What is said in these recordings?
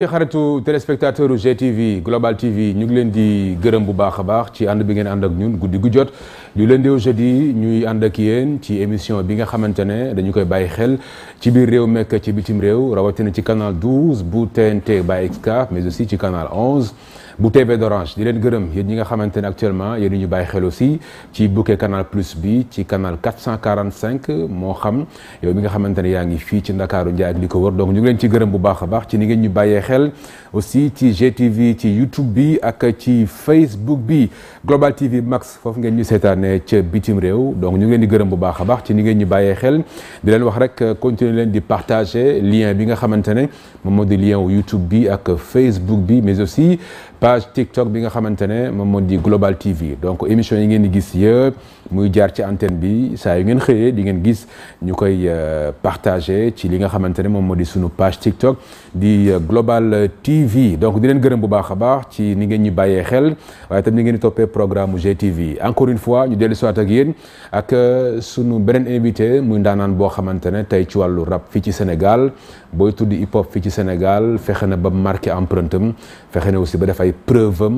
ci xaritu téléspectateur GTV Global TV ñu ngi leen di gërëm bu baax a baax ci ànd bi ngeen ànd ak ñun guddi gu jot leen di au jeudi ñuy ànd ak yéen ci émission bi nga xamante ne dañu koy bàyyi xel ci biir réew mekk ci bitim réew rawatina ci canal 12 bu TNT by Excaf mais aussi ci canal 11 bu TV d'Orange di leen gërëm yéen ñi nga xamante ne actuellement yéen ñu bàyyi xel aussi ci bouquet canal plus bi ci canal 445 moo xam yow mi nga xamante ne yaa ngi fii ci Ndakaaru Ndiaye ak ko wër donc ñu ngi leen ci gërëm bu baax a baax ci ni ngeen ñu bàyyee xel aussi ci GTV ci YouTube bi ak ci Facebook bi Global TV Max foofu ngeen ñu seetaanee ca bitim réew donc ñu ngeen leen gërëm bu baax a baax ci ni ngeen ñu bàyyee xel di leen wax rek continuer leen di partager lien bi nga xamante ne moom moo di lien wu YouTube bi ak Facebook bi mais aussi page TikTok bi nga xamante ne moom moo di Global TV donc émission yi ngeen di gis yëpp. muy jaar ci antenne bi saa yu ngeen xëyee di ngeen gis ñu koy euh, partagé ci li nga xamante ne moom moo di sunu page TikTok di euh, Global TV donc di leen gërëm bu baax a baax ci ni ngeen ñi bàyyee xel waaye tam ni ngeen di toppee programme u GTV encore une fois ñu dellu si ak yéen ak euh, sunu beneen invité muy ndaanaan boo xamante ne tey ci wàllu rap fii ci Sénégal booy tudd hip hop fii ci Sénégal fexe na ba marqué empreinte am fexe na aussi ba def ay preuve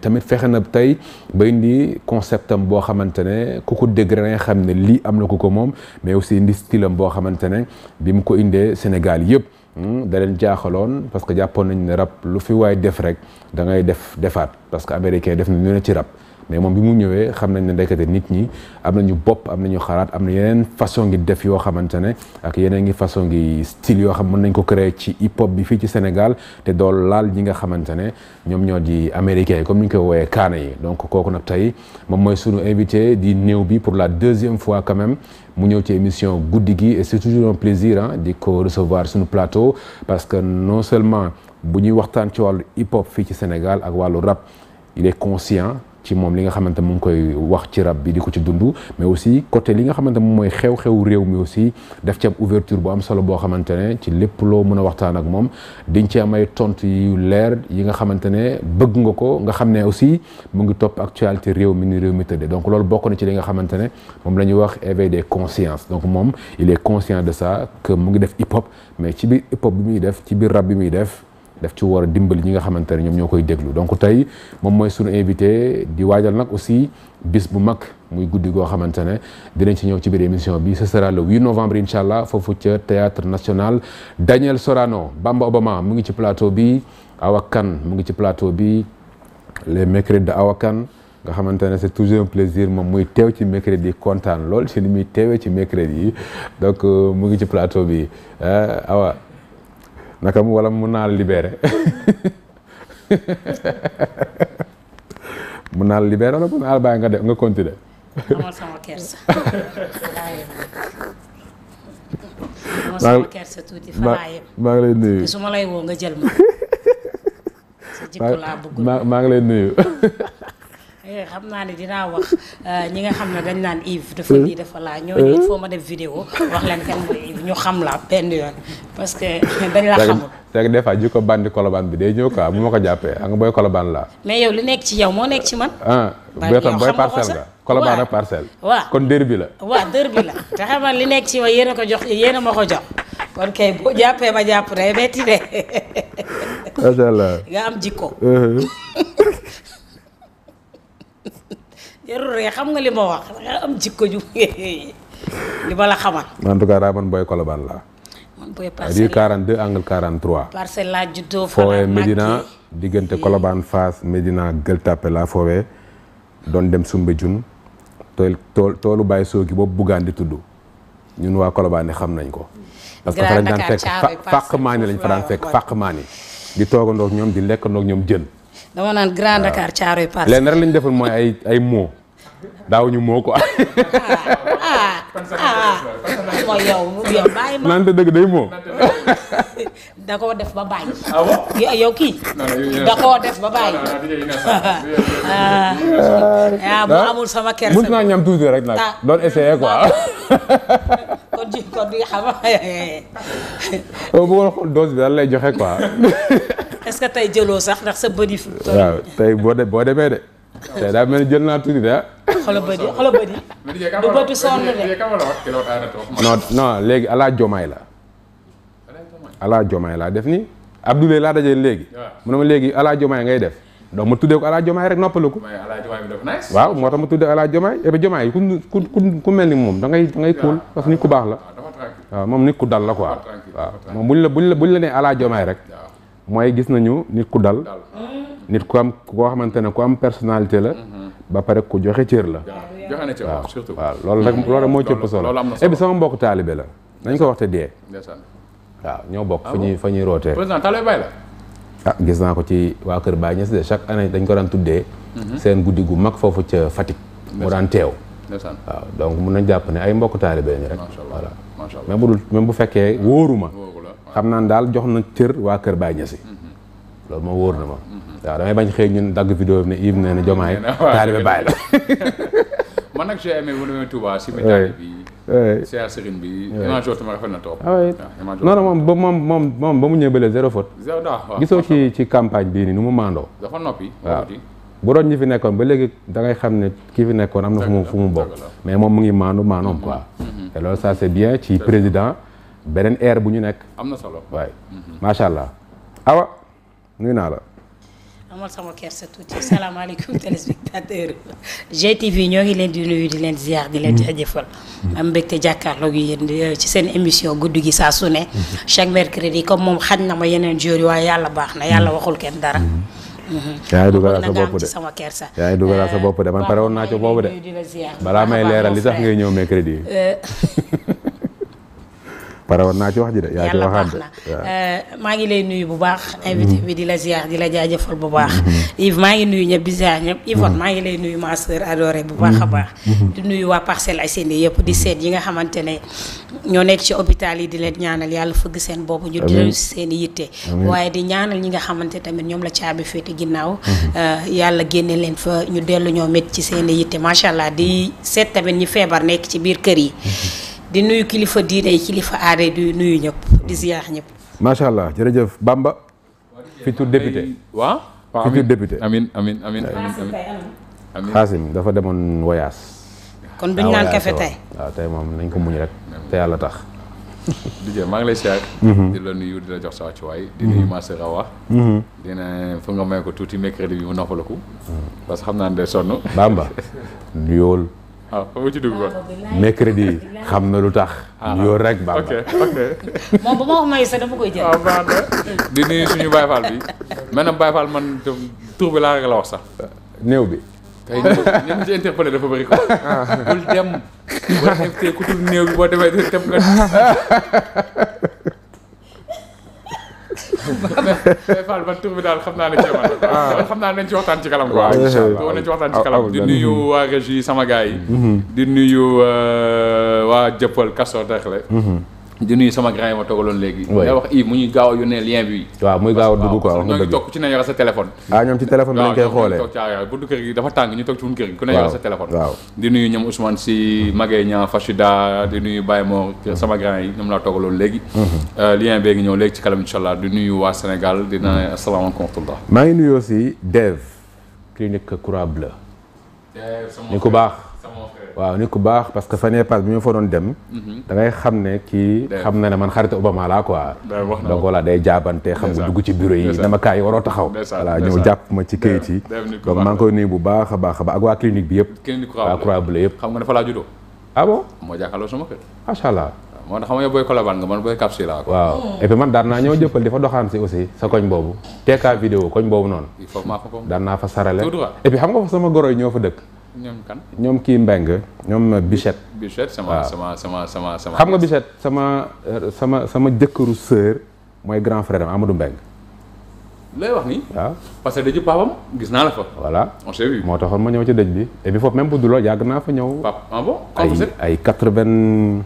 tamit fexe na tey ba indi concept boo xamante ne ku ko dégg rek nga xam ne lii am na ku ko moom mais aussi indi style boo xamante ne bi mu ko indee Sénégal yëpp hmm, da leen jaaxaloon parce que jàppoon nañ ne rab lu fi waay def rek dangay def defaat parce que américain def na ñu ne ci rab mais moom bi mu ñëwee xam nañ ne ndekete nit ñi am nañu bopp am nañu xalaat am na yeneen façon ngi def yoo xamante ne ak yeneen ngi façon ngi style yoo xam mën nañ ko créer ci hip hop bi fii ci Sénégal te dool laal ñi nga xamante ne ñoom ñoo di américains yi comme ni ñu koy wooyee kaana yi donc kooku nag tey moom mooy sunu invité di néew bi pour la deuxième fois quand mu ñëw ci émission guddi gi et c'est toujours un plaisir di ko recevoir suñu plateau parce que non seulement bu ñuy waxtaan ci wàllu hip fii ci Sénégal ak wàllu rap il conscient ci moom li nga xamante mu ngi koy wax ci rab bi di ko ci dund mais aussi côté li nga xamante moom mooy xew-xew réew mi aussi def ci ab ouverture bu am solo boo xamante ne ci lépp loo mun a waxtaan ak moom diñ ci am tontu leer yi nga xamante ne bëgg nga ko nga xam ne aussi mu ngi topp actualité réew mi ni réew mi tëddee donc loolu bokk na ci li nga xamante ne moom la ñuy wax éveil des consciences donc moom il est conscient de ça que mu ngi def hip hop mais ci biir hip hop bi muy def ci biir rab bi muy def def ci war dimbali ñi nga xamante ne ñoom ñoo koy déglu donc tey moom mooy sunu invité di waajal nag aussi bis bu mag muy guddi goo xamante ne dinañ ci ñëw ci biir émission bi ce sera le 8 novembre incha allah foofu ca théâtre national Daniel Sorano Bamba Obama mu ngi ci plateau bi Awakan mu ngi ci plateau bi les mercredis de Awakan nga xamante ne c'est toujours un plaisir moom muy teew ci mercredi kontaan lool si ni muy teewee ci mercredi yi donc euh, mu ngi ci plateau bi euh, awa naka mu wala mun naa la mun naa la libéré mun naa la bàyyi nga def nga continuer. amal maa ngi lay nuyu maa ngi lay nuyu. Eh, xam naa ne dinaa wax euh, ñi nga xam ne dañ naan Yves dafa lii dafa laa hmm. ñooñu il hmm. ma def vidéo wax leen kan mooy Yves ñu xam la benn yoon parce que dañ la xamul c'est des fois jikko bandi kolobaan bi day ñëw ma ko jàppee xam nga booy mais yow li nekk ci yow moo nekk ci man ah, boo tam booy parcelle nga kolobaan ak parcelle waaw kon dër la li nekk ci ma yéen ko jox yéen ma ko jox kon kay boo jàppee ma jàpp day metti de macha am jikko hmm. jarul ree xam nga li ma wax da nga am jikko ju li ma la xamal. en tout man booy Colobane laa. man booy parcelle 42 angle 43. parcelle laa Medina diggante Colobane fas Medina Gueule Tapée laa foowee doon dem Soumbédioune tool toolu bàyyi soogi boobu buggaan di tudd ñun waa Colobane xam nañ ko. parce que fa lañ daan fekk fàq maani lañ fa daan fekk fàq maani di toogandoo ak ñoom di lekkandoo ak ñoom jën. dama naan Grand Dakar Caaroy Pass. lenn rek lañ defoon mooy ay ay moo daawuñu moo ko ah, ah ah mooy yow yow bàyyi ma. naan dëgg day moo. da koo def ba bàyyi. ah yow kii. da def ba bàyyi. Ah, ah. ah bu amul sama kersa. mën naa ñam tuuti rek nag. doon essayer quoi. kon ji kon di nga xam. boo xool dose bi daal lay joxe quoi. est-ce que tey jëloo sax ndax sa bëri. waaw tey boo de boo demee de. tey daa mel ni jël naa tuuti de ah. xoolal bëri xoolal bëri. du bëtu sonn de. non léegi ala jomaay la. ala jomaay laa def ni Abdoulaye laa dajee léegi. mu ne ma léegi ala jomaay ngay def. donc ma tuddee ko Alla Diomaye rek noppalu ko. waaw moo tax ma tuddee Alla Diomaye et eh puis Diomaye ku ku ku mel ni moom da ngay da ngay kuul parce que nit ku baax la. waaw moom nit ku dal la ko waaw moom buñ la buñ la buñ la nee Alla Diomaye rek. mooy gis na ñu nit ku dal. nit ku am koo xamante ne ku am personnalité la. Mm-hmm. ba pare ku joxe cër la. joxe na cër surtout waaw loolu rek loolu rek moo ci ëpp solo. et eh puis sama mbokk taalibe la. nañ ko waxte dee. waaw ñoo bokk fa ñuy ah fa ñuy rootee. ah gis naa ko ci waa Kër Baay Ñas de chaque année dañ ko daan tuddee. Mhm. seen guddi gu mag foofu ca Fatick. mu daan teew. donc mun nañ jàpp ne ay mbokk taalibe ñu rek. voilà même bu dul même bu fekkee ah, wóoruma. xam naa daal jox na cër waa Kër Baay Ñas mhm. loolu moom wóor na ma. Mhm. waaw damay bañ xëy dagg vidéo bi ne Yves nee na jomaay taalibe Baay la. siyaar sëriñ bi. émission na trop. waaw ah non moom ba moom moom moom ba mu ñëw bële zéro faute. zéro ah, gisoo ci ci campagne bii nii nu mu maandoo. dafa noppi waaw. bu doon ñi fi nekkoon ba léegi da ngay xam ne kii fi nekkoon am na fu mu fu mais moom mu ngi maandu maanoom quoi mm-hmm. mm-hmm. te loolu ça c'est bien ci président beneen ère bu ñu nekk am na solo waaye mm-hmm. macha allah awa nuyu naa la amal sama kersa tuuti salaamaaleykum téléspectateur GTV ñoo ngi leen di nuyu di leen ziar di leen mm. jaajëfal. am mbégte jàkkaarloog yéen eh, ci seen émission guddi gi saa su ne. Mm-hmm. chaque mercredi comme moom xaj na ma yeneen jours waaye yàlla baax na yàlla mm-hmm. waxul kenn dara. Mm-hmm. yaa ngi dugalal sa bopp de sama kersa. yaa ngi bopp de man eh, pare woon naa ci boobu de. balaa may leeral li tax ngay ñëw mercredi. Eh. pare woon naa ci wax ji de yaa ci waxaat euh, maa ngi lay nuyu bu baax invité mm-hmm. bi di la ziar di la jaajëfal bu baax mm-hmm. maa ngi nuyu ñëpp di ziar ñëpp Yvonne mm-hmm. maa ngi lay nuyu ma sœur bu baax a baax di nuyu waa Parcelles Assainies yëpp di seet yi nga xamante ne ñoo nekk ci hôpital yi di leen ñaanal yàlla fëgg seen bopp ñu di seen yitte waaye di ñaanal ñi nga xamante tamit ñoom la caabi féete ginnaaw euh, yàlla génne leen fa ñu dellu ñoo métti ci seen yitte macha allah di seet tamit ñi feebar nekk ci biir kër yi di nuyu kilifa diine yi kilifa aada di nuyu ñëpp di ziyaar ñëpp. macha allah jërëjëf Bamba. futur député waaw. futur député amin Xaasim dafa demoon voyage. kon duñ ah, naan kafe waaw ah, tey moom nañ ko muñ rek te yàlla tax. Dijé maa ngi mhm. di la nuyu di la jox sa wàccuwaay di fu mhm. mhm. nga may ko tuuti mercredi bi mu noppalaku parce que xam naa ne day sonn Bamba yool waaw ah, ci dugg quoi. xam na lu tax. Ah. yoo rek baax ok ok. moom bu ma may sax dama koy jël. Ah, na di nuyu suñu Baye Fall bi maanaam Baye Fall man tur bi laa rek la wax sax. néew bi. tey ñu ñu ci interpellé dafa bëri ko bul dem boo def tey ku tudd néew bi boo demee dem nga. Fall man tur bi daal xam naa ne kéemaan la ah. xam naa nañ ci waxtaan ci kalam quoi ah. incha allah nañ ci waxtaan ci kalam ah, di nuyu waa régie sama gars yi mm-hmm. di nuyu euh, waa jëppal Kaso Dexle mm-hmm. di nuyu sama grand yi ma toogaloon léegi. da wax Yves mu ñuy gaaw a yónnee lien bi. waaw muy gaaw a dugg quoi wax nga ngi toog ci ne yore sa téléphone. ah ñoom ci téléphone lañ koy xoolee dafa tàng ñu toog ci buntu kër gi ku ne yore sa téléphone. waaw di nuyu ñoom Ousmane si Maguette Niang Fashida di nuyu Baye Mor sama grand yi ñoom laa toogaloon léegi. Mhm. Euh, lien bee ngi ñëw léegi ci kanam incha allah di nuyu waa Sénégal di naan asalaamaaleykum wa rahmatulah. maa ngi nuyu aussi Dev clinique Croix Bleue. ku baax. waaw nit ku baax parce que fanee pass bi ñu fa doon dem. Mhm. da xam ne kii. xam na ne man xarit Obama laa quoi. donc voilà day jaabante xam nga dugg ci bureau yi. dama na kaay koy nuyu bu baax a baax ba ak waa clinique bi yëpp. clinique Croix Bleue Croix Bleue yëpp. Ah allah. moo tax xam nga booy Colobane nga man booy Cap Skirring waaw et puis man daan naa ñëw jëppal di fa doxaan si aussi sa koñ boobu. TK vidéo koñ boobu noonu. daan naa fa sarale. et xam nga fa sama goro yi ñoo fa dëkk ñoom kan. ñoom kii Mbengue ñoom Bichette. Bichette sama sama sama sama sama. xam nga Bichette sama sama sama jëkkëru sœur mooy grand frère Amadou Mbengue. lay wax ni. waaw parce que dëj papam gis naa la fa. voilà moo taxoon ma ñëw ci dëj bi et bi foofu même bu dul loolu naa fa ñëw. pap ah ay ay quatre vingt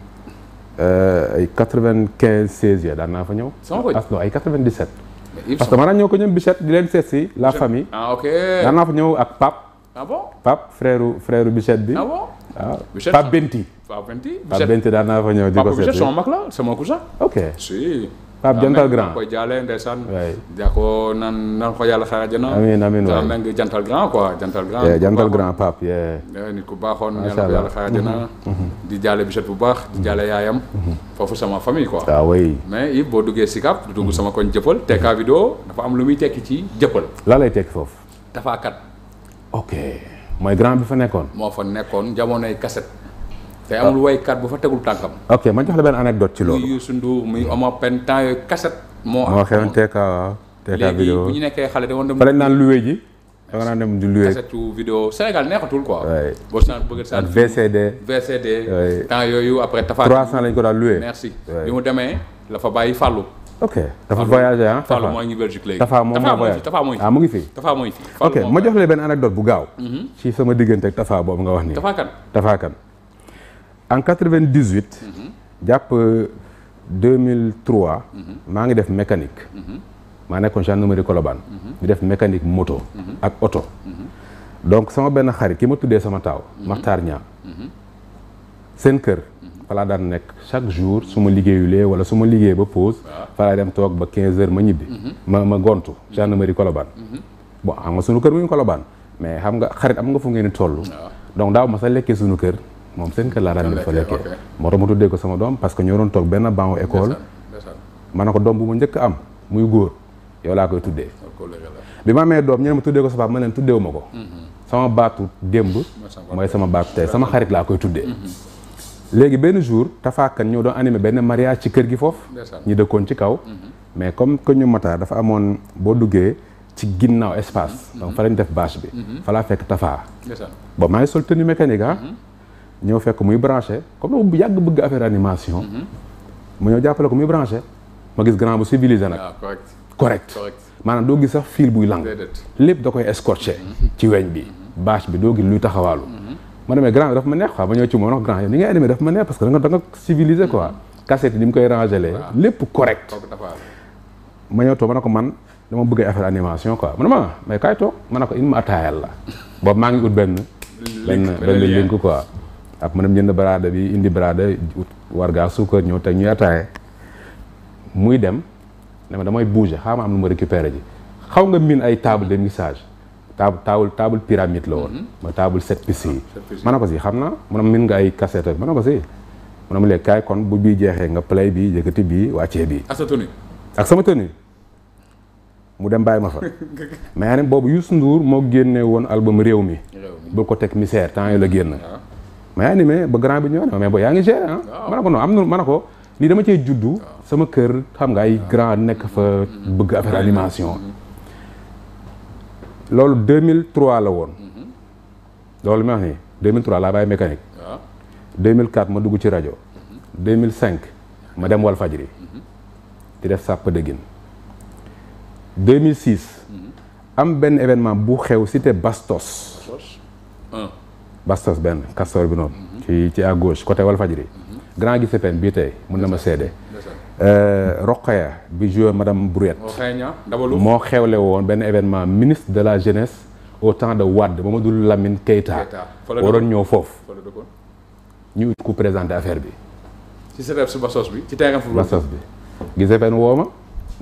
euh, ay quatre quinze seize ya daan naa fa ñëw. sama ko as ah, ay ko ñoom Bichette di leen seet si la famille. Ah, daan naa fa ñëw ak pap ah bon Pape frère bi. ah bon waaw ah, Pape Benti. Pape Benti Bichette Pape fa ñëw di ko. seet mag la sama cousin. ok si. Pape jantal grand koy jaale ndeysaan. waay daa ko naan naan ko yàlla xaaral jëna. amiin amiin waay daa ngi jantal grand quoi jantal nit ku baaxoon yàlla ko yàlla xaaral mm-hmm. mm-hmm. di jaale Bichette bu baax di jaale yaayam. Mm-hmm. foofu sama famille quoi. ah oui mais it boo duggee Sicap. dugg sama koñ jëppal Tekka Video dafa am lu muy tekki ci jëppal. la lay tekki foofu. dafa kat. ok mooy grand bi fa nekkoon. moo fa nekkoon jamonoy kaset. te amul ah. waykat bu fa tegul tànkam. ok ma jox la benn anecdote ci loolu. muy Youssou Ndour muy hmm. Oma Pen temps yooyu kaset. moo am moo xewoon TK waaw. TK ñu nekkee xale da nga dem. fa lañ naan ji. da nga naan dem di loué. kaset Sénégal neexatul quoi. waay boo si naan bëgg saan. VCD VCD. temps yooyu après. Tafa 300 lañ ko daal loué. merci mu demee la fa bàyyi Fallou. ok dafa voyagé ah. Fallou moo ngi Belgique moom moo voyagé Tafa mooy fii ah, mu ngi fii. Tafa mooy fii ok ma jox la benn anecdote bu gaaw. Mhm. ci sama diggante ak Tafa boobu nga wax nii. Tafa kan Tafa kan. en 98. Mhm. jàpp 2003. Mhm. maa ngi def mécanique. maa nekkoon gendarmerie Colobane. di def mécanique moto. ak oto. donc sama benn xarit ki ma tuddee sama taaw. Maxtaar Ñaa. seen kër. falaa daan nekk chaque jour su ma liggéeyulee wala su ma liggéey ba pause falaa dem toog ba 15 heures ma ñibbi mhm. ma ma gontu mhm. gendarmerie Colobane mhm. bon xam nga sunu kër mu ngi Colobane mais xam nga xarit am nga fu ngeen toll donc daaw ma sa lekkee sunu kër moom seen kër laa daan dem fa lekkee moo tax ma tuddee ko sama doom parce que ñoo doon toog benn banc école ma ne ko doom bu ma njëkk am muy góor yow laa koy tuddee oh, bi ma amee doom ñu ma tuddee ko sa papa ma leen tuddeewu ma ko sama baatu démb mooy sama baatu tey sama xarit laa koy tuddee léegi benn jour tafaakan ñoo doon animé benn mariage ci kër gi foofu ñu dëkkoon ci kaw mhm. mais comme que ñu mataa dafa amoon boo duggee ci ginnaaw espace mhm. donc fa lañ def bâche bi mhm. falaa fekk tafaa bon maa ngi sol tenue mécanique ah ñëw fekk muy branché comme bu yàgg bëgg affaire animation mu ñëw jàppale ko muy branché ma gis grand bu civilisé nag ah, correct maanaam doo gis sax fil buy lang lépp da koy escorché ci weñ bi bâche bi doo gis luy taxawaalu ma demee grand bi dafa ma neex quoi ba ñëw ci moom wax grand yow ni ngay animé dafa ma neex parce que da nga da nga ni mu koy rangelee lépp correct ma ñëw ma ne ko man dama bëgg affaire animation quoi mu ma ma ne ko in ma ataayal maa ngi ut benn benn benn link quoi ak ma dem jënd baraada bi indi baraada ut wargaa ñëw teg ñuy ataaye muy dem dama damay bouger xaaral ma am lu ma récupéré ji xaw nga miin ay table de mixage table table table pyramide la woon. Mhm. ma table ah, sept piste yi. ma ne ko si xam na mu ne min nga ay cassette ma ne ko si. mu ne ma kon bu bii jeexee nga play bii yëkkati bii wàccee bii. ak sa tenue ak sama tenue mu dem bàyyi ma fa. mais ne boobu Youssou Ndour moo génne woon album réew mi. bul ko teg misère temps yi la génn. Ah. mais animé ba grand bi ñëw na mais booy yaa ngi gérer ah. ah. ma ne ko non am na ma ko lii dama cee juddu. sama kër xam nga ay grand nekk fa mm-hmm. bëgg affaire mm-hmm. animation. Mm-hmm. loolu 2003 la woon. Mhm. loolu ma wax nii 2003 laa bàyyi mécanique. waaw 2004 ma dugg ci rajo. 2005 mhm. ma dem Walfadjri. Mhm. di def sàpp dëggin. 2006. am benn événement bu xew cité Bastos. Bastos benn castor bi noonu. ci ci à gauche côté Walfadjri. grand gi CPN bii tey mun na ma seede. Euh, Rokhaya bi joué madame Brouillette moo xewle woon benn événement ministre de la jeunesse au temps de Wade Mamadou Lamine Keita waroon ñëw foofu ñu ku présenté affaire bi ci sërëb si basos bi ci terrain football basos bi gisee woo ma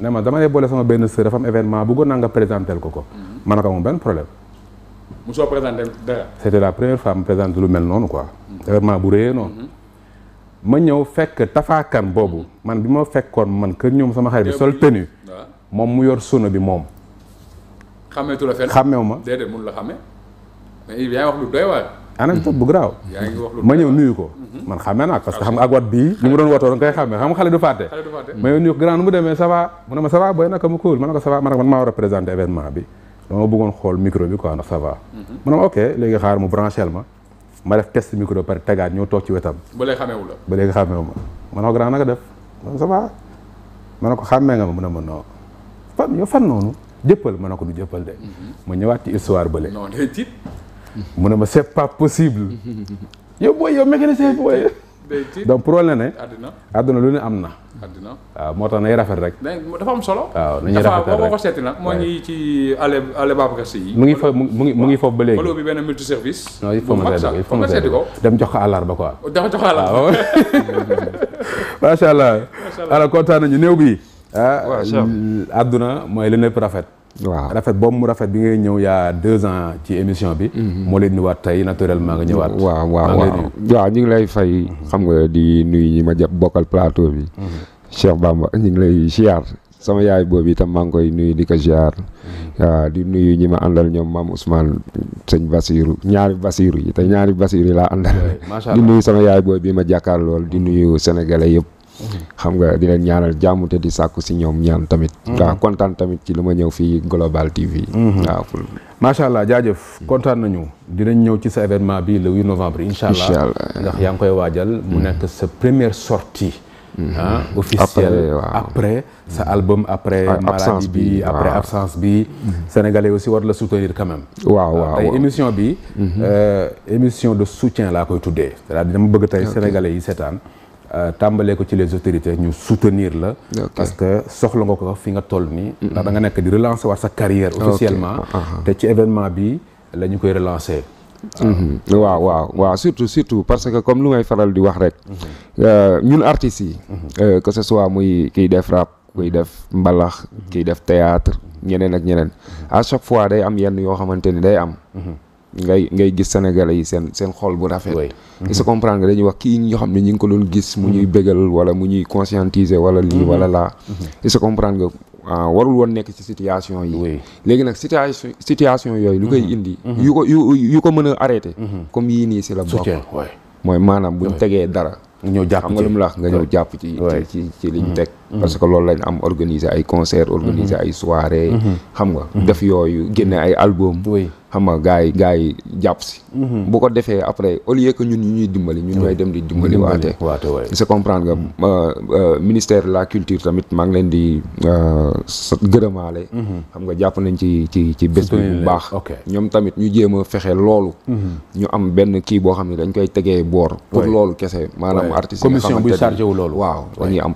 ne ma dama boole sama benn sër dafa événement bëggoon naa nga présentel ko ko ma ne ko moom benn problème mu la première fois mu présenté lu mel noonu quoi mhm. événement bu rëyee noonu mhm. ma ñëw fekk tafaakan boobu man bi ma fekkoon man kër ñoom sama xarit bi sol tenue moom mu yor sono bi moom. xàmmeetu la fenn xàmmeewu ma déedéet mun la xàmme mais yaa ngi wax lu doy waar. anecdote ma ñëw nuyu ko. Mhm. man xàmme naa parce xam nga ak wat bii. li mu doon wootoo da nga koy xàmme xam nga xale du fàtte. xale du fàtte ma ñëw nuyu ko grand mu demee ça va mu ne ma ça va booy naka mu cool ma ne ko ça va man maa war a présenter événement bi dama bëggoon xool micro bi quoi ndax ça va. mu mhm. ne ma ok léegi xaar mu branché ma ma def test micro par tegaat ñëw toog ci wetam. ba léegi xamee wu la. ba léegi xamee wu ma ma ne ko grand naka def man ça va ma ne ko xàmmee nga ma mu ne ma non fan yow fan noonu jëppal ma ne ko du jëppal de. Mhm. ma ñëwaat ci histoire bële. non day mu ne ma c'est pas possible. yow booy yow mécanicien booy. donc pour la ne. àddina àdduna lu ne am na. àddina waaw moo tax nay rafet rek. dafa am solo. waaw ñuy rafetal rek ko seeti moo ngi ci allé allé Babacar mu ngi fa mu ngi mu ngi foofu ba léegi. wala bi benn multi service. non il faut ma seeti ko il seeti ko. dem jox ko àllarba quoi. ko àllarba. macha allah. macha kontaan nañu néew bi. ah àdduna mooy li lépp rafet. waaw rafet boobu mu rafet bi ngay ñëw yaa deux ci émission bi. Mhm. moo leen nuyuwaat tey naturellement nga ñëwaat. waaw waaw waaw ñu ngi lay fay. Mhm. xam nga di nuyu ñi ma jàpp bokkal plateau bi. Mhm. Cheikh Bamba ñu ngi lay ziar. sama yaay boobu itam maa ngi koy nuyu di ko ziar. di nuyu ñi ma àndal ñoom maam Ousmane sëñ Basiru ñaari Basiru yi te ñaari Basiru yi laa àndal. di nuyu sama yaay boobu bi ma jàkkaar lool di nuyu sénégalais yëpp. xam nga di leen ñaanal jàmm di sàkku si ñoom ñaan tamit. Mm-hmm. waaw kontaan tamit ci lu ma ñëw fii Global TV. Mm-hmm. waaw allah jaajëf mm-hmm. kontaan nañu dinañ ñëw ci sa événement bi le 8 novembre. incha allah ndax yaa ngi koy waajal. mu nekk sa première sortie ah officiel après sa album après maladie bi après absence bi sénégalais aussi war la soutenir quand waaw waaw ah, tey émission bi euh, émission de soutien laa koy tuddee cest dama bëgg tey sénégalais yi seetaan Euh, tàmbalee ko ci les autorités ñu soutenir la parce que soxla nga ko fi nga toll nii ndax da nga nekk di relancer waat sa carrière officiellement ah, ah. te ci événement bi lañu koy relancer mm-hmm. waaw waaw waaw surtout surtout parce que comme lu may faral di wax rek mm-hmm. euh, ñun artistes yi mm-hmm. euh, que ce soit muy kiy def rap kuy def mbalax kiy def théâtre ñeneen ak ñeneen à chaque fois day am yenn yoo xamante ni day am ngay ngay gis sénégalais yi seen seen xol bu rafet mm-hmm. sa se comprendre dañuy wax kii ñoo xam ne ñu ngi ko doon gis mu ñuy mm-hmm. bégal wala mu ñuy conscientiser wala lii mm-hmm. wala laa et sa comprendre nga ah, warul woon nekk ci situation yi léegi nag situation situation yooyu lu koy indi yu ko yu yu ko mën a arrêté comme yii nii si la bokk mooy maanaam buñ tegee dara ñëw nga lu mu la wax nga ñëw jàpp ci ci ci liñ teg parce que loolu lañ am organiser ay concert organiser mhm. ay soirée mhm. xam nga mhm. def yooyu génne ay album xam nga gars yi gars yi jàpp si bu ko defee après au lieu que ñun ñu ñuy dimbali ñun ñooy dem di dimbali waate c'est comprendre nga euh, euh, ministère la culture tamit maa ngi leen di euh, gërëmaale xam nga jàpp nañ ci ci ci bés bi bu baax ñoom tamit ñu jéem a fexe loolu ñu am benn kii boo xam ne dañ koy tegee boor pour loolu kese maanaam artiste commission bu chargé wu loolu waaw dañuy am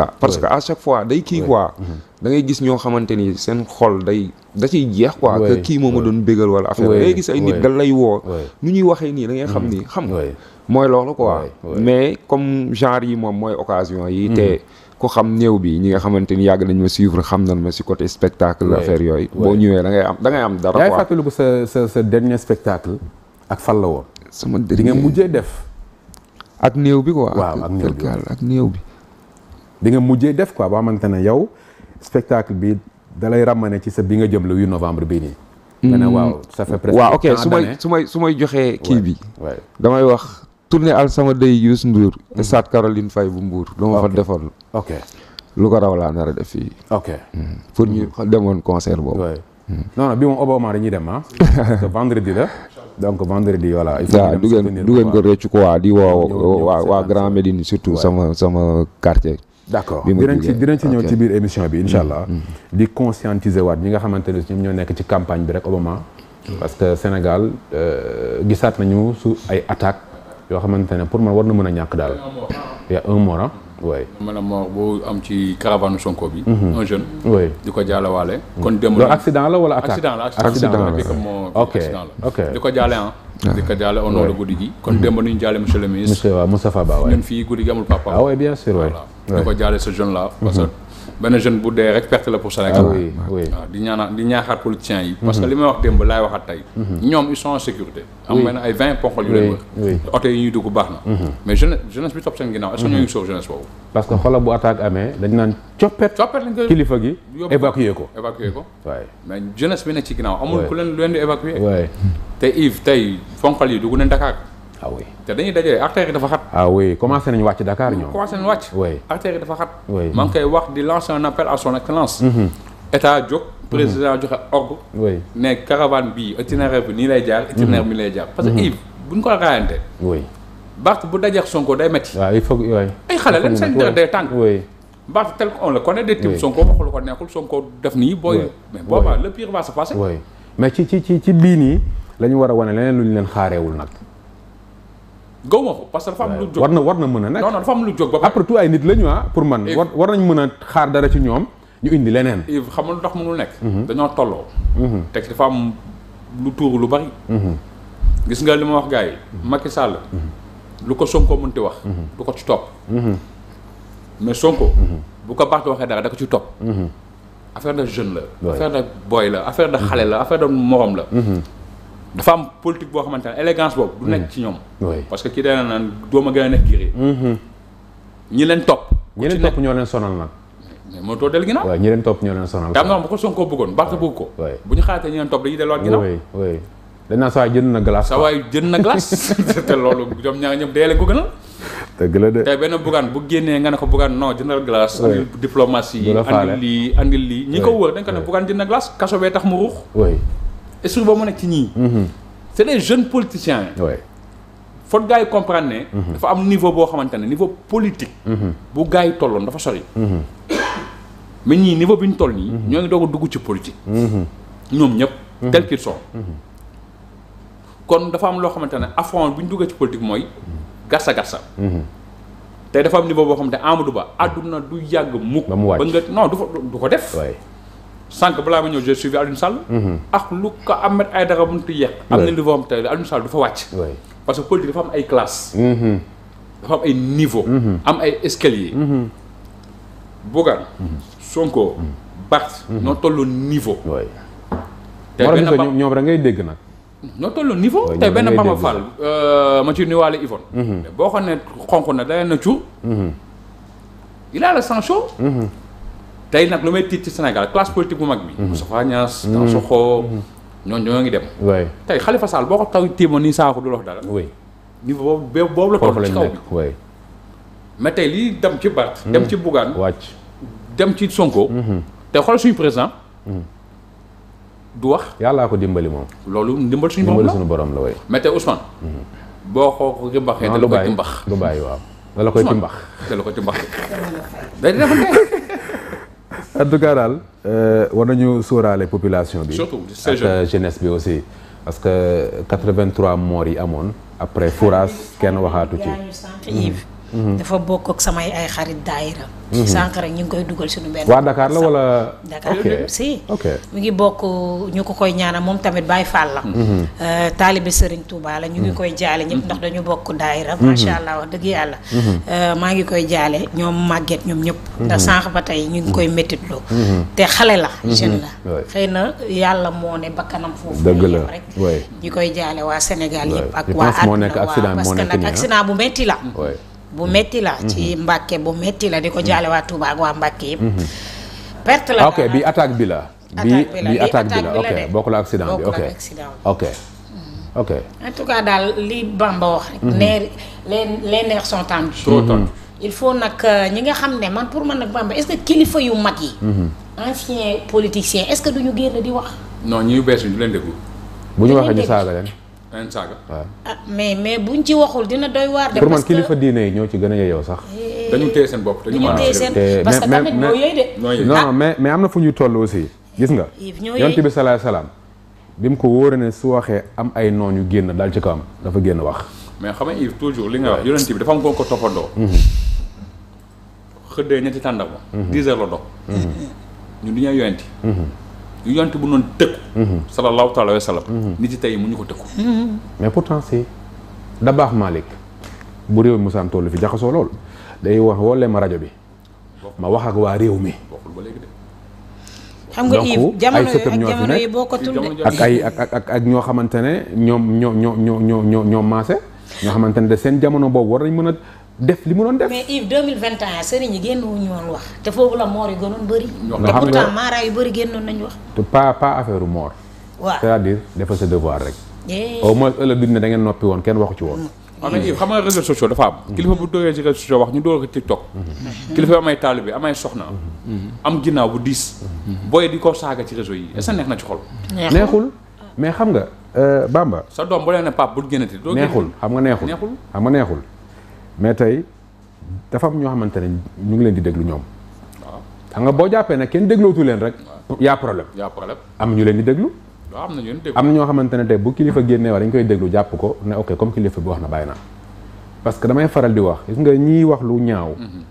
voilà parce que à chaque fois day kii quoi. Mhm. da ngay gis ñoo xamante ni seen xol day da ciy jeex quoi. que kii moom a doon bégal wala affaire da ngay gis ay nit dal lay woo. nu ñuy waxee nii dangay xam mhm. nii xam nga. mooy loolu quoi. mais comme genre yi moom mooy occasion yi. te mhm. ku xam néew bi ñi nga xamante ni yàgg nañ ma suivre xam na nañ ma si côté spectacle affaire yooyu. boo ñëwee da am da am dara quoi. yaay fàttaliku sa sa dernier spectacle ak fan la woon. sama dernier di nga def. ak néew bi quoi. ak néew bi. bi nga mujjee def ko boo xamante ne yow spectacle bi dalay ramener ci sa bi nga jëm le 8 novembre bi nii. nga ne mm. waaw ça fait presque. ok su may su may joxee kii bi. damay wax tournée al sama day Youssou Ndour. Mm. stade Caroline Faye bu mbuur lu ma fa defoon. ok lu ko raw laa nar def fii. ok mm. pour ñu demoon concert boobu. non non bi moom obama dañuy dem ah. parce la. donc vendredi voilà. il faut que du ngeen ko réccu di woo waa waa Grand Médine surtout sama sama quartier. d'accord dinañ ci dinañ ci ñëw ci biir émission bi incha allah. Mm, mm, mm. di conscientiser waat ñi nga xamante ne ñoom ñoo nekk ci campagne bi rek au moment. parce que Sénégal euh, gisaat nañu su ay attaque yoo xamante ne pour man war na mën a ñàkk daal. y un un mort oui maanaam moo boo am ci caravane Sonko bi. Mm-hmm. un jeune. di ko jaalawaale. kon dem loolu la wala attaque la accident la bi comme moo. ok di ko jaale ah. di ko jaale kon mm-hmm. démb nu ñu jaale monsieur euh, fii guddi gi amul papa. ah oui bien sûr waay. da ko jaale ce jeune là parce que benn jeune bu dee rek perte la pour Sénégal ah ah waaw di ñaanaa di ñaaxaat politiciens yi parce mhm. li may wax démb laay waxaat tey mhm. ñoom ils sont en sécurité am benn ay vingt ponkal yu leen wër oto yi ñuy baax na mhm. mais jeunesse jeunesse bi topp seen ginnaaw est-ce que ñoo ngi sauve jeunesse boobu parce que xoolal bu attaque amee dañ naan coppet coppet lañ koy ko évacuer ko waay mais jeunesse bi nekk ci ginnaaw amul ku leen lu leen di évacuer tey ponkal ah oui te dañuy dajale artère dafa xat. ah oui commencé nañu wàcc Dakar ñoom. commencé nañu wàcc. oui dafa xat. oui maa ngi koy wax di lancer un appel à son excellence. Mhm. état jóg. Mhm. président joxe ordre. oui ne caravane bii bi nii lay jaar. Mhm. itinéraire bi nii lay jaar parce que Yves bu ko raayante. oui Barth bu dajeex Sonko day métti. waaw il faut waay. ay xale lañ seen dara day tàng. oui Barth tel qu'on le connaît. Sonko waxu ko neexul Sonko def nii booy. mais boobaa le pire va se mais ci ci ci ci bii nii la ñu war a wane leneen lu ñu leen xaareewul nag. gaw ma ko parce que dafa am lu jóg war na war na mën a nekk non non dafa am lu jóg ba après tout ay nit la ñu ah pour man war war nañ mën a xaar dara ci ñoom ñu indi leneen xam nga lu tax mënul nekk mhm. dañoo tolloo mhm. teg dafa am lu tuuru lu bari mhm. gis nga li ma wax gars yi Macky Sall lu ko Sonko mënti wax du ko ci topp mais Sonko bu ko parti waxee dara da ko ci topp affaire de jeune la affaire de boy la affaire de xale la affaire de morom la dafa am politique boo xamante ne élégance boobu. du nekk mm. ci ñoom. parce que ki dana naan doom a gën a nekk giri. Mm-hmm. ñi ñi leen topp ñoo leen sonal nag. mais moo too del ginnaaw. ñi leen topp ñoo leen sonal. daa am na bu ko Sonko bëggoon Barth bëgg ko. bu ñu xaatee ñi na glace. saa waay na glace te loolu ñaar ñëpp dee ko gënal. dëgg la de tey benn bugaan bu génnee nga ne ko bugaan non jëndal glace. andil diplomatie yi andil lii andil lii ñi ko wër dañ ko ne bugaan jënd na glace kaso bee tax mu ruux esprit boobu mu nekk ci ñii. Mhm. c' est des jeunes politiciens. oui foog gars yi comprendre ne. Mhm. dafa am niveau boo xamante ne niveau politique. Mhm. bu gars yi tolloon dafa sori. mais ñii niveau bi ñu toll nii. ñoo ngi doog a dugg ci politique. ñoom ñëpp tel dafa am loo xamante ne affront bu ñu duggee ci politique mooy garsa garsa. te dafa am niveau boo xamante ne Amadou Ba àdduna du yàgg mukk. ba mu wàcc ba nga non du ko def. sànq balaa ma ñëw j'ai suivi Alioune Sall. Mhm. ak lu ko am na niveau am tey Alioune Sall parce que politique am ay classes. Mhm. dafa am ay niveau mhm. am ay escalier. Bougane. Sonko. Barth. ñoo tollu niveau. tey benn dégg nag. ñoo tollu niveau tey Bamba Fall euh, ma ci nuyuwaale Yvonne. boo xam ne xonq na day na cuur. il a le tey nag lu may tiit ci Sénégal classe politique bu mag bi. Mhm. Moustapha Niass. Mhm. Dansokho. Mhm. ñooñu ñoo ngi dem. waay tey Khalifa Sall boo ko taw tiimoon nii saako du la dara. oui niveau boobu boobu la toll ci kaw bi mais tey lii dem ci Barth. dem ci Bougane. wàcc dem ci Sonko. te xool suñu président. du wax. yàllaa ko dimbali moom. loolu ndimbal suñu borom la dimbali suñu borom la waay. mais tey Ousmane. boo xoo gimbaxee. da la koy gimbax du bàyyi waaw. da la koy gimbax. da la koy gimbax. day defante. en tout cas daal euh, war nañu sóoraale population bi. surtout ak euh, jeunesse bi aussi. parce que 83 morts yi amoon après fourage kenn waxaatu ci. Mhm. dafa bokk ak samay ay xarit daayira. ci mhm. sànq rek ñu ngi koy dugal suñu benn. waa Dakar la wala. Dakar si. mi ngi bokk ñu ko koy ñaanal moom tamit Baye Fall la. Mhm. Euh, taalibe sëriñ Touba la ñu ngi koy jaale ñëpp ndax dañu bokk daayira. macha allah wax dëgg yàlla. Euh, maa ngi koy jaale ñoom màgget ñoom ñëpp. ndax sànq ba tey ñu ngi koy méttitlu. te xale la jeune xëy na yàlla moo ne bakkanam foofu. dëgg rek ñu koy jaale waa Sénégal yëpp. ak waa àdduna waa parce que nag ah. accident bu métti la. bu metti la. ci mhm. Mbàkke bu metti la di ko jaale mhm. waa Touba ak waa Mbàkke yëpp. Mhm. perte la ok bi attaque bi la. bi la ok bokkul accident bi ok hmm. ok. en tout cas daal li Bamba wax rek. neer les les nerfs sont tendus. trop hmm. il faut nag euh, ñi nga xam ne man pour man nag Bamba est-ce que kilifa yu mag yi. anciens politiciens est-ce que duñu génn di wax. non ñi yu bees yi du leen déglu. bu ñu waxee ñu saaga leen. beneen saaga. waaw ah mais mais buñ ci waxul dina doy waar. de parce que pour man kilifa diine yi ñoo ci gën a yeyoo sax. Eh, dañu téye seen bopp dañu téye seen parce que tamit ñoo yey de. non ah. mais mais am na fu ñuy toll aussi. gis nga yonent bi salaay salaam bi mu ko wóore ne su waxee am ay noon yu génn daal ci kawam dafa génn wax. mais xam nga Yves toujours li nga wax yonent bi dafa am koo ko toppandoo. Mm-hmm. xëddee ñetti tàndam. Mm-hmm. 10 heures la dox. Mm-hmm. ñun du ñu ay yonent yu yonent bu noonu tëkku. Mhm. sallallahu taala wa sallam. nit yi tey mu ñu ko tëkku. Mhm. mais pourtant si da baax Malick bu réew mi mosaan toll fi jaxasoo lool day wax woolee ma rajo bi ma wax ak waa réew mi. xam nga Yves jamono yooyu ak bokkatul de ak ay ak ak ñoo xamante ne ñoom ñoo ñoo ñoo ñoo ñoo maase. ñoo xamante ne de seen jamono boobu war nañ mën a. def li mu doon def. mais Yves 2021 sëriñ yi génn wuñu woon wax te foofu la moor yi gënoon bëri. te pourtant maara yu bëri génnoon nañu wax. te pas affaire moor. waaw c'est-à-dire defal sa eh. au moins ëllëg duñ da ngeen noppi woon kenn waxu ci woon. waaw ah, xam nga réseaux am. Mm-hmm. kilifa bu doogee ci réseaux sociaux wax ñu doog ko TikTok. Mm-hmm. kilifa amay taalibe amay mm-hmm. am ginnaaw bu diis. booy di ko saaga ci réseau yi est-ce na ci xol. neexul mais xam nga euh, Bamba. sa doom bu leen ne Pape bul génnati. doo génn neexul xam nga neexul xam nga neexul. mais tey dafa am ñoo xamante ne ñu ngi leen di déglu ñoom. xam nga boo jàppee ne kenn déglootu leen rek. yaa problème yaa problème. am ñu leen di déglu. am na ñu leen am na ñoo xamante ne tey bu kilifa génnee war dañ koy déglu jàpp ko ne ok comme kilifa bi wax na bàyyi naa. parce que damay faral di wax gis nga ñiy wax lu ñaaw. Mm-hmm.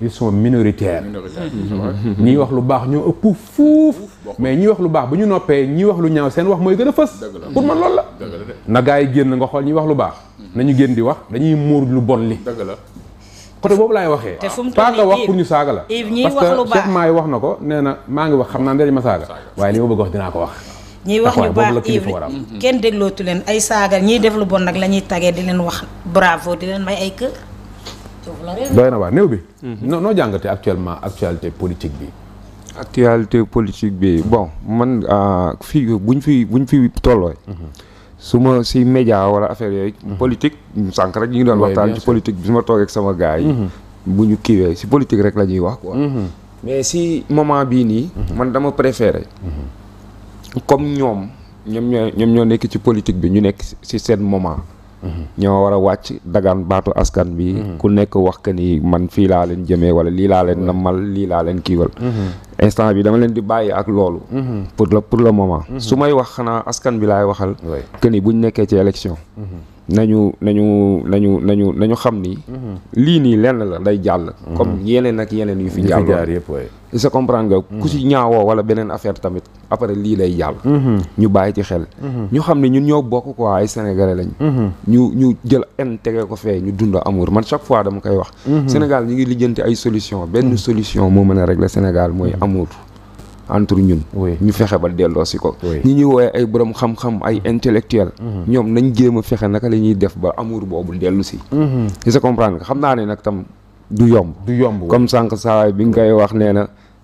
ils sont minoritaires. Mm-hmm. ñiy wax lu baax ñoo ëpp fuuf. mais ñi wax lu baax bu ñu noppee ñi wax lu ñaaw seen wax mooy gën a fës. pour man loolu la. na yi génn nga xool ñi wax lu baax. na ñu génn di wax dañuy muur lu bon li. côté boobu laay waxee. te fu mu toll nga wax pour ñu saaga la. parce que Cheikh Maay wax na ko nee na maa ngi wax xam naa ne dañu ma saaga. waaye li ma bëgg wax dinaa ko wax. ñiy wax ñu baax kenn déglootu leen ay saaga ñiy def lu bon nag la ñuy tagee di leen wax bravo leen may ay doy na waar néew bi. Mhm. noo noo jàngatee actuellement actualité politique bi. actualité politique bi bon man ah, fii buñ fi buñ fi tolloo. Mhm. su ma si média wala affaire yooyu. Mhm. politique sànq rek ñu ngi doon waxtaan ci politique bi su ma toogee ak sama gars yi. bu ñu kiiwee si politique rek la ñuy wax quoi. mais si moment bii nii. man dama préféré. comme ñoom ñoom ñoo ñoom ñoo nekk ci politique bi ñu nekk si seen moment. ñoo war a wàcc dagaan baatu askan bi mm-hmm. ku nekk wax que ni man fii laa leen jëmee wala lii laa leen namal lii laa leen kiiwal mm-hmm. instant bi dama leen di bàyyi ak loolu mm-hmm. pour le pour le moment su may wax xanaa askan bi laay waxal que ni buñ nekkee ci élection nañu nañu nañu nañu nañu xam ni lii nii lenn la day jàll comme yeneen ak yeneen yu fi jàll yëpp est-ce que comprendre nga. ku ci mhm. ñaawoo wala beneen affaire tamit après lii lay jàll. Mhm. ñu bàyyi ci xel. Mhm. ñu xam ne ñun ñoo bokk quoi ay sénégalais lañ. ñu ñu jël en tege ko fee ñu dund amour man chaque fois dama koy wax. Sénégal ñu ngi lijjanti ay solution benn solution moo mën a régler Sénégal mooy amour. entre ñun ñu fexe ba delloo si ko ñi ñuy woowee ay borom xam-xam ay intellectuel ñoom nañ jéem a fexe naka la ñuy def ba amour boobu dellu si i sa comprendre nga xam naa ne nag tam du yomb du yomb comme sànq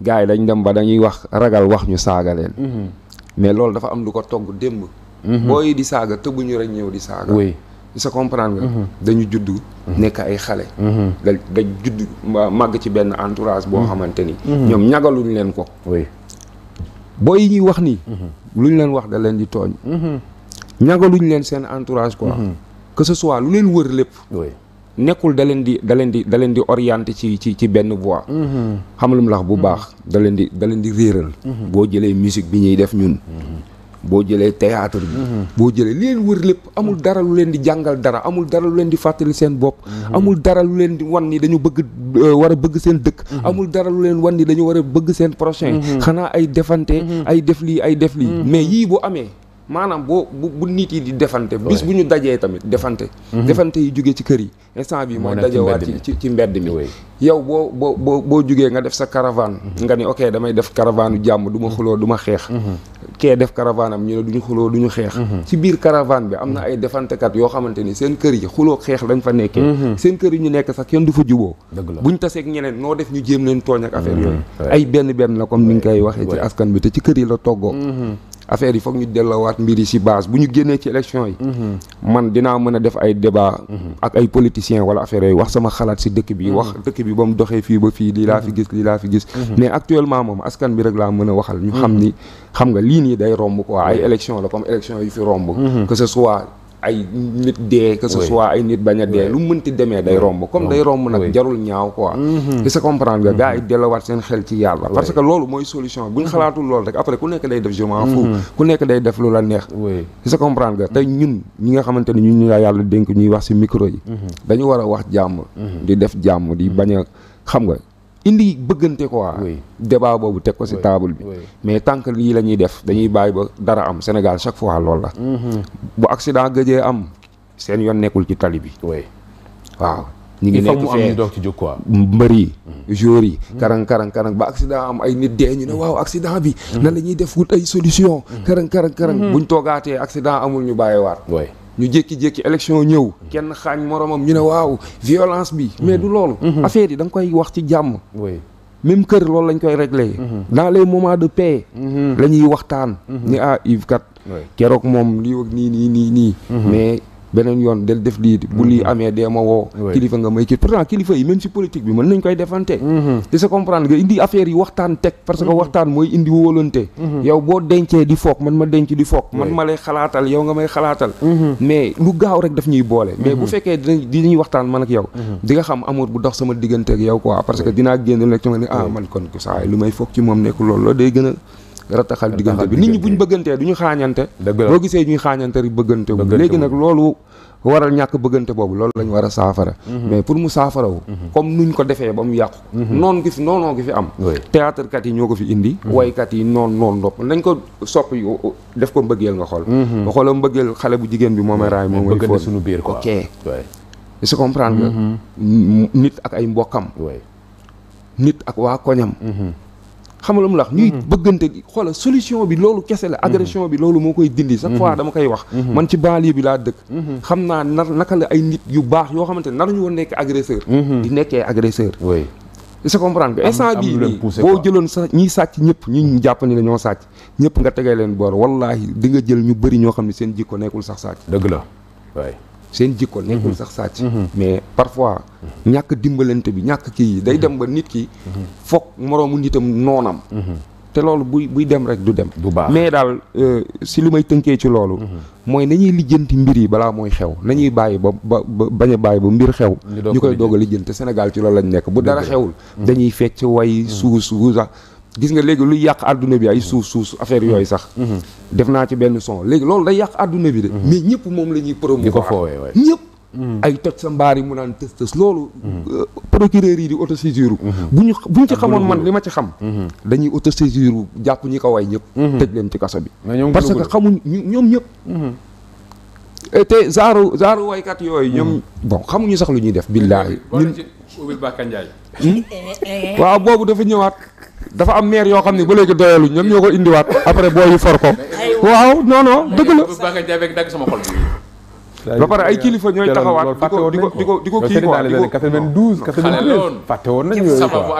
gars yi dañ dem ba dañuy wax ragal wax ñu saaga leen. Mhm. mais loolu dafa am lu ko togg démb. Mhm. booy di saaga tëbuñu rek ñëw di saaga. oui sa comprendre nga. Mhm. dañu judd nekk ay xale. da da judd màgg ci benn entourage boo xamante ni. ñoom ñagaluñ leen ko. oui yi ñuy wax nii. luñ leen wax da leen di tooñ. ñagaluñ leen seen entourage quoi. que ce soit lu leen wër lépp. nekkul da leen di da leen di da leen di orienté ci ci ci benn voix. Mhm. xam lu mu lax bu mhm. baax da leen di da leen di réeral. Mhm. boo jëlee musique bi ñuy def ñun. boo jëlee théâtre bi boo jëlee li leen wër lépp amul dara lu leen di jàngal dara amul dara lu leen di fàttali seen bopp amul dara lu leen di wan nii dañu bëgg euh, war a bëgg seen dëkk amul dara lu leen wan ni dañu war a bëgg seen prochain xanaa ay defante ay def lii ay def lii mais yii bu amee maanaam boo bu bu nit yi di defante bis bu ñu dajee tamit defante mhm. defante yi jóge ci kër yi instant bi mooy dajewaat ci ci mbedd mi yow boo boo boo boo jógee nga def sa caravane mhm. nga ni okee damay def caravane jàmm du mhm. xuloo duma ma xeex kee def caravane am ñu ne duñu xuloo duñu xeex ci biir caravane bi am na ay defantekat yoo xamante ni seen kër yi xuloo xeex lañ fa nekkee seen kër yi ñu nekk sax kenn du fa juboo buñ taseeg ñeneen noo def ñu jéem leen tooñ ak affaire yooyu ay benn benn la comme ni nga koy waxee ci askan bi te ci kër yi la toggoo affaire yi foog ñu delloowaat mbir yi ci base bu ñu génnee ci élection yi. Mhm. man dinaa mën a def ay débat mhm. ak ay politiciens wala affaire yooyu wax sama xalaat si dëkk bi. Mhm. wax dëkk bi ba mu doxee fii ba fii lii laa fi gis lii laa fi gis. mais actuellement moom askan bi rek laa mën a waxal. ñu xam ni xam nga lii nii day romb quoi ay élection la comme élection yu fi romb. que ce soit ay nit dee que ce soit ay nit bañ a dee lu mënti demee day romb comme day romb nag jarul ñaaw quoi mhm. i sa comprendre nga mhm. gars yi delawaat seen xel ci yàlla parce que loolu mooy solution bu ñu mhm. xalaatul loolu rek après ku nekk day def je m'en ku nekk day def lu la neex i sa comprendre nga tey ñun ñi nga xamante ne ñun ñu la yàlla dénk ñuy wax si micro yi dañu war a wax jàmm di def jàmm di bañ a xam nga indi bëggante quoi. débat boobu teg ko si table bi. mais tant que lii lañuy def dañuy bàyyi ba dara am Sénégal chaque fois loolu la. Mhm. bu accident gëjee am seen yoon nekkul ci tali bi. waaw. ñu ngi nekk fee doog ci jóg quoi. mbër yi mhm. joueur yi. Mhm. karang karang karang ba accident am ay nit dee ñu ne waaw accident bi. na la ñuy def wut ay solution. karang karang karang buñ toogaatee accident amul ñu bàyyiwaat. ñu jékki-jékki élection ñëw kenn xaañ moromam ñu ne waaw violence bi mais du loolu mhm. affaire yi da nga koy wax ci jàmm même kër loolu lañ koy réglé mhm. dans les moments de paix mhm. la ñuy waxtaan ni ah Yves kat keroog moom lii wag nii nii nii mais beneen yoon del def lii bu lii mhm. amee dee ma woo kilifa nga may kii pourtant kilifa yi même si politique bi mën nañ koy defante mhm. te sa comprendre nga indi affaire yi waxtaan teg parce que mhm. waxtaan mooy indi wóolante yow boo dencee di foog man ma denc di foog man ma lay xalaatal yow nga may xalaatal mais lu gaaw rek daf ñuy boole mais bu fekkee dinañ dinañuy waxtaan man ak yow di nga xam amour bu dox sama diggante ak yow quoi parce que dina génn rek ah lu may foog moom nekk loolu la day rataxal diggante bi nit ñi buñ bëggantee du ñu xaañante boo gisee ñuy xaañante bëggante wu léegi nag loolu waral ñàkk bëggante boobu loolu lañ war a saafara mhm. mais pour mu saafara wu mhm. comme nuñ ko defee ba mu yàqu mhm. noon gi fi noonoo gi fi am théâtre kat yi ñoo ko fi indi waykat yi noon noonu dopp nañ ko sopp def ko mbëggeel nga xool nga xoolal mbëggeel xale bu jigéen bi moomay raay moom bëggante suñu biir ko quoi ok su comprendre nga nit ak ay mbokkam nit ak waa koñam xam la mu lax ñuy mhm. bëggante di xoola solution bi loolu kese la mhm. agression bi loolu moo koy dindi chaque mhm. fois dama koy wax man ci banlieue bi laa dëkk xam naa nar naka la ay nit yu baax yoo xamante ne nar ñu woon nekk agresseur di nekkee agresseur c'est comprendre que instant bii nii boo jëloon sax ñiy sàcc ñëpp ñu jàpp ni la ñoo sàcc ñëpp nga tegee leen boor wallahi di nga jël ñu bëri ñoo xam ne seen jikko nekkul sax sàcc dëgg la waay seen jikko nekkul sax sàcc mhm. Mhm. mais parfois ñàkk dimbalante bi ñàkk kii yi day mhm. dem ba nit ki foog moroomu nitam noonam te loolu buy buy dem rek du dem du baax mais daal euh, si li may tënkee ci loolu mooy ñuy lijjanti mbir yi balaa mooy xew ñuy bàyyi ba ba bañ a bàyyi ba mbir xew ñu koy doog a lijjanti Sénégal ci loolu lañ nekk bu dara xewul dañuy fecc way suus suusa gis nga léegi luy yàq àdduna bi ay suuf suuf affaire yooyu sax. Mhm. def naa ci benn son léegi loolu day yàq àdduna bi de. Mhm. mais ñëpp moom la ñuy promouvoir di ko foowee waay ñëpp. Mhm. ay toj sa mbaar yi mu naan tës tës loolu. Euh, procureur yi di autosaisir. bu ñu bu ñu ci xamoon man li ma ci xam. dañuy autosaisir jàpp ñi ko way ñëpp. tëj leen ci kaso bi. parce que xamuñ ñoom ñëpp. te zaaru zaaru yooyu ñoom. bon xamuñu sax lu ñuy def. billaahi ñun hmm? eh, eh, eh. waaw boobu dafa ñëwaat. dafa am maire yoo xam ne ba léegi doyalu ñoom ñoo ko indiwaat après booy yu for ko. waaw non non dëgg la. ba pare ay kilifa ñooy taxawaat di ko di ko di ko kii quoi di ko fàtte woon nañ ko